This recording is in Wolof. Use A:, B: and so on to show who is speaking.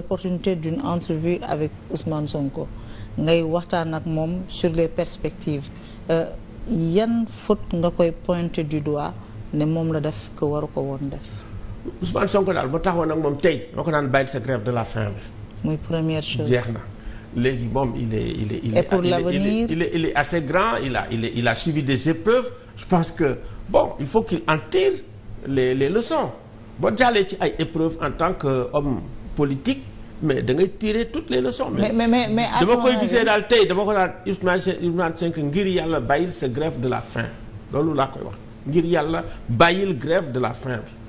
A: l'opportunité d'une entrevue avec Ousmane Sonko ngay waxtaan ak moom sur les perspectives euh, yan faute nga koy pointer du doigt ne moom la def que waru ko woon def.
B: Ousmane Sonko daal ba taxawoon ak moom tey ma ko naan bàyyi sa grève de la faim bi.
A: muy première chose jeex
B: na léegi moom il est est il est. et pour l'avenir il est assez grand il a suivi des épreuves je pense que bon il faut qu'il en les les leçons boo jàllee ci ay épreuves en tant que homme. politique mais da ngay tirer toutes les leçons. mais mais mais
C: mais dama koy gisee euh, daal
B: tey dama ko daal Ousmane Ousmane Sonko ngir yàlla bàyyil sa grève de la fin loolu laa koy wax ngir yàlla bàyyil
D: grève de la fin bi.